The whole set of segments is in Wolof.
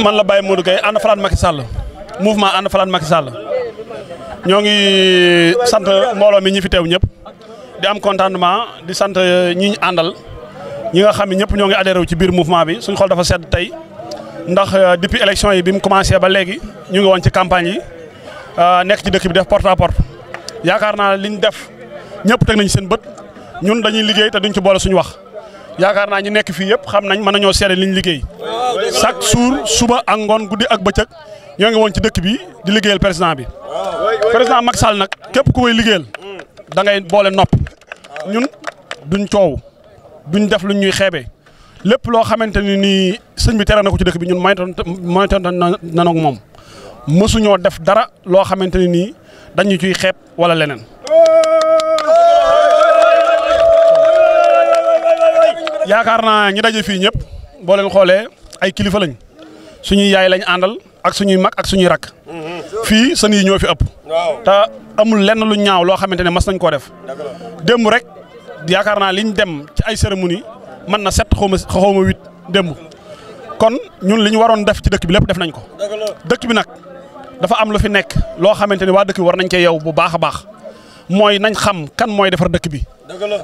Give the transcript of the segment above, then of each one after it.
man la Baye Modou Gueye ànd falaat Macky Sall mouvement ànd falaat Macky Sall ñongi sante mbolo mi ñi fi tew ñep di am contentement di sante ñi andal ñi nga xam ñep ñongi adhéré ci biir mouvement bi suñ xol dafa sedd tay, ndax euh, depuis élection yi bi mu commencé ba légui ñu ngi won ci campagne yi euh, nek ci dëkk bi def porte à porte yaakar na liñ def ñep tek nañ seen bëtt ñun dañuy liggéey té duñ ci bolé suñ wax. yaakaar naa ñu nekk fii yëpp xam nañ mën nañoo seere liñ liggéey chaque jour suba ak ngoon guddi ak bëccëg ñoo ngi woon ci dëkk bi di liggéeyal président bi président Macky Sall nag képp ku koy liggéeyal da ngay boole nopp ñun duñ coow duñ def lu ñuy xeebe lépp loo xamante ni nii sëñ bi tere na ko ci dëkk bi ñun moytoon moytoon na nag moom mësuñoo def dara loo xamante ni nii dañu ciy xeeb wala leneen. yaakaar naa ñi daje fii ñëpp boo leen xoolee ay kilifa lañ suñuy yaay lañu àndal ak suñuy mag ak suñuy rakk fii sën yi ñoo fi ëpp te amul lenn lu ñaaw loo xamante ne mas nañ koo def démb rek yaakaar naa liñ dem ci ay cérémonie mën na set xaw ma xaw ma huit démb kon ñun li ñu waroon def ci dëkk bi lépp def nañ ko dëkk bi nag dafa am lu fi nekk loo xamante ni waa dëkk bi war nañ cee yow bu baax a baax mooy nañ xam kan mooy defar dëkk bi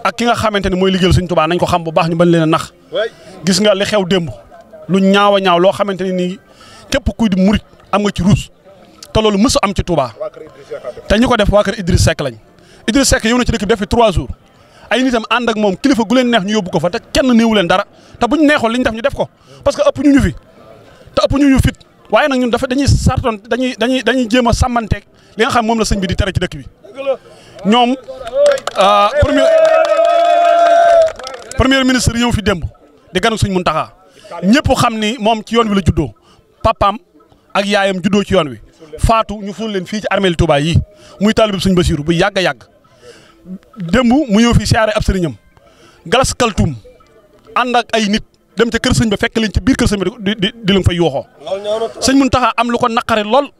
ak ki nga xamante ni mooy liggéeyal Sëñ Tuubaa nañ ko xam bu baax ñu bañ leen a nax gis nga li xew démb lu ñaaw a ñaaw loo xamante ni nii képp kuy di murit am nga ci ruus te loolu mësu am ci Touba te ñu ko def waa kër Idriss Seck lañ Idriss Seck yow na ci dëkk bi def fi trois jours ay nitam ànd ak moom kilifa gu leen neex ñu yóbbu ko fa te kenn néewu leen dara te buñ neexoon li ñu def ñu def ko parce que ëpp ñu ñu fi te ñu ñu dafa dañuy sartoon dañuy dañuy dañuy jéem a sàmmanteeg li nga xam moom la sëñ bi di tere ci dëkk bi ñoom euh, premier premier ministre ñëw fi démb di gan suñ taxa ñëpp xam ni moom ci yoon wi la juddoo papaam ak yaayam juddoo ci yoon wi faatu ñu ful leen fii ci armeel Touba yi muy taalib suñ Basiiru bu yàgg yàgg démb mu ñëw fi siyaare ab sëriñam galas kaltum ànd ak ay nit dem ca kër sëñ ba fekk leen ci biir kër sëñ ba di di di leen fa yooxoo sëñ Muntaxa am lu ko lool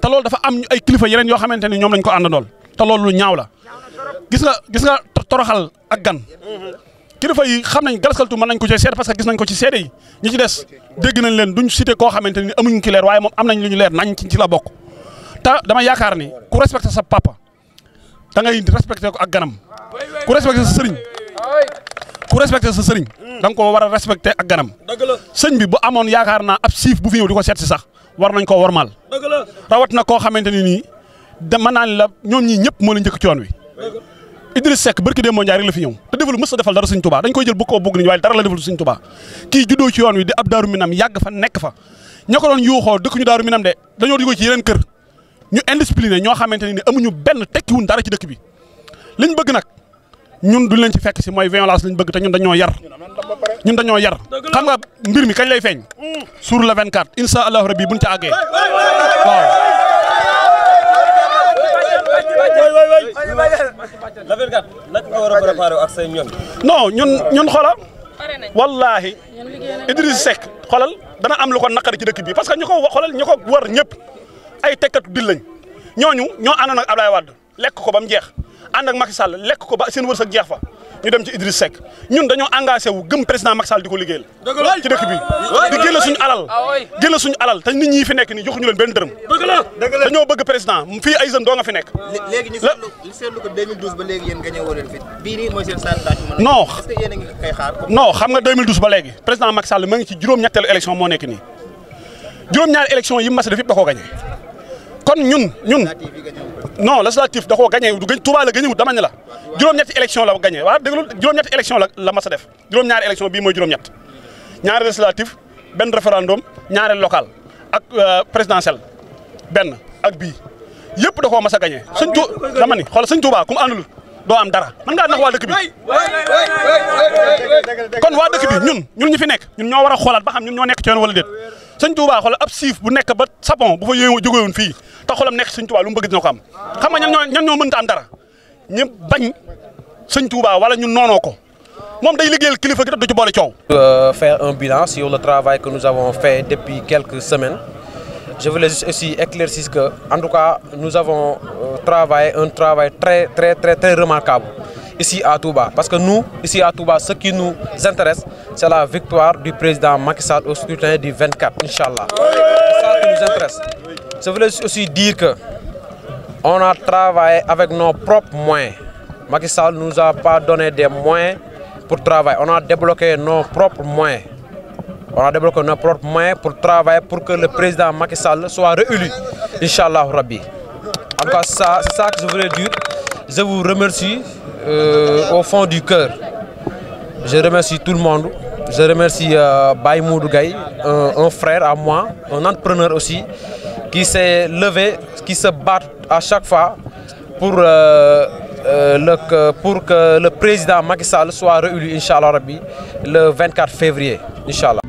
te loolu dafa am ay kilifa yeneen yoo xamante ni ñoom lañ ko àndandool te loolu lu ñaaw la gis nga gis nga toroxal ak gan kilifa yi xam nañ Gallas Kaltoum mën nañ ko ci seet parce que gis nañ ko ci seede yi ñi ci des dégg nañ leen duñ cité koo xamante ni amuñ ci leer waaye moom am nañ lu ñu nañ ci la bokk ta dama yaakaar ni ku respecté sa papa da ngay respecté ko ak ganam ku respecté sa sëriñ ku respecté sa sëriñ da nga ko war a respecté ak ganam sëriñ bi bu amoon yaakaar naa ab siif bu fi ñëw di ko seet sax war nañ ko wormal rawat na koo xamante ni mën naa ne la ñoom ñii ñëpp moo la njëkk ci yoon wi Idriss Seck barki démb Ndiaye la fi ñëw te deful mës a defal dañ koy jël bu ko bëgg nañu waaye dara la defal Sëñ Tuubaa kii juddoo ci yoon wi di ab daaru minam yàgg fa nekk fa ña ko doon yuuxoo dëkk ñu daaru minam de dañoo digoo ci yeneen kër ñu indiscipliné ñoo xamante ne amuñu benn tekkiwun dara ci dëkk bi liñ bëgg nag ñun duñ leen ci fekk si mooy violence lañ bëgg te ñun dañoo yar ñun dañoo yar xam nga mbir mi kañ lay feeñ mm. non ñun ñun xoolal wallaahi Idriss Seck xoolal dana am lu ko naqari ci dëkk bi parce que ñu ko xoolal ñu ko war ñëpp ay tekkatu dil lañ ñooñu ñoo àndoon ak Ablaye Wade lekk ko ba mu jeex ànd ak Macky Sall lekk ko ba seen sa jeex fa ñu dem ci Idriss Seck ñun dañoo engagé wu gëm président Macky Sall di ko liggéeyal ci dëkk bi ah, di génn ah, suñu alal ah, génn suñu alal te nit ñi fi nekk ni joxuñu leen benn dërëm dañoo bëgg président fii ay jeunes doo nga fi nekk léegi ñu seetlu ko 2012 ba léegi yéen gagné woo leen fi bii nii mooy seen candidat non est-ce que yéen a ngi koy xaar non xam nga 2012 ba léegi président Macky Sall ma ngi ci juróom-ñetteelu élection moo nekk nii juróom-ñaari élection yi mas def yëpp da koo gagné kon ñun ñun non législatif da koo gagné du gagné Touba la gagné wut dama ne la juróom-ñetti élection la gagné waaw déglu juróom-ñetti élection la la mas a def juróom-ñaari élection bii mooy juróom-ñett ñaari législatif benn référendum ñaari local ak euh, présidentiel benn ak bii yëpp da koo mas a gagné sëñ tu dama ni xool sëñ Tuubaa ku mu àndul doo am dara mën ngaa nax waa dëkk bi kon waa dëkk bi ñun ñun ñu fi nekk ñun ñoo war a xoolaat ba xam ñun ñoo nekk ci yoon wala déet sëñ Tuubaa ab siif bu nekk ba sapon bu fa yéewoon jógewoon fii te xolam nekk sëñ Tuubaa lu mu bëgg dina ko am xam ñan ñoo ñan ñoo mënta am Nous euh, faire un bilan sur le travail que nous avons fait depuis quelques semaines je voulais juste aussi éclaircir que en tout cas nous avons euh, travaillé un travail très très très très remarquable ici à Touba parce que nous ici à Touba ce qui nous intéresse c'est la victoire du président Macky Sall au scrutin du 24 inchallah c'est ça qui nous intéresse je voulais aussi dire que on a travaillé avec nos propres moyens. Macky Sall ne nous a pas donné des moyens pour travailler. On a débloqué nos propres moyens. On a débloqué nos propres moyens pour travailler pour que le président Macky Sall soit réélu. Inch'Allah Rabbi. En tout cas, ça, c'est ça que je voulais dire. Je vous remercie euh, au fond du cœur. Je remercie tout le monde. Je remercie euh, un, un frère à moi, un entrepreneur aussi, qui s'est levé, qui se bat à chaque fois pour, euh, euh, le, que le président Macky soit réélu, Inch'Allah le 24 février, Inch'Allah.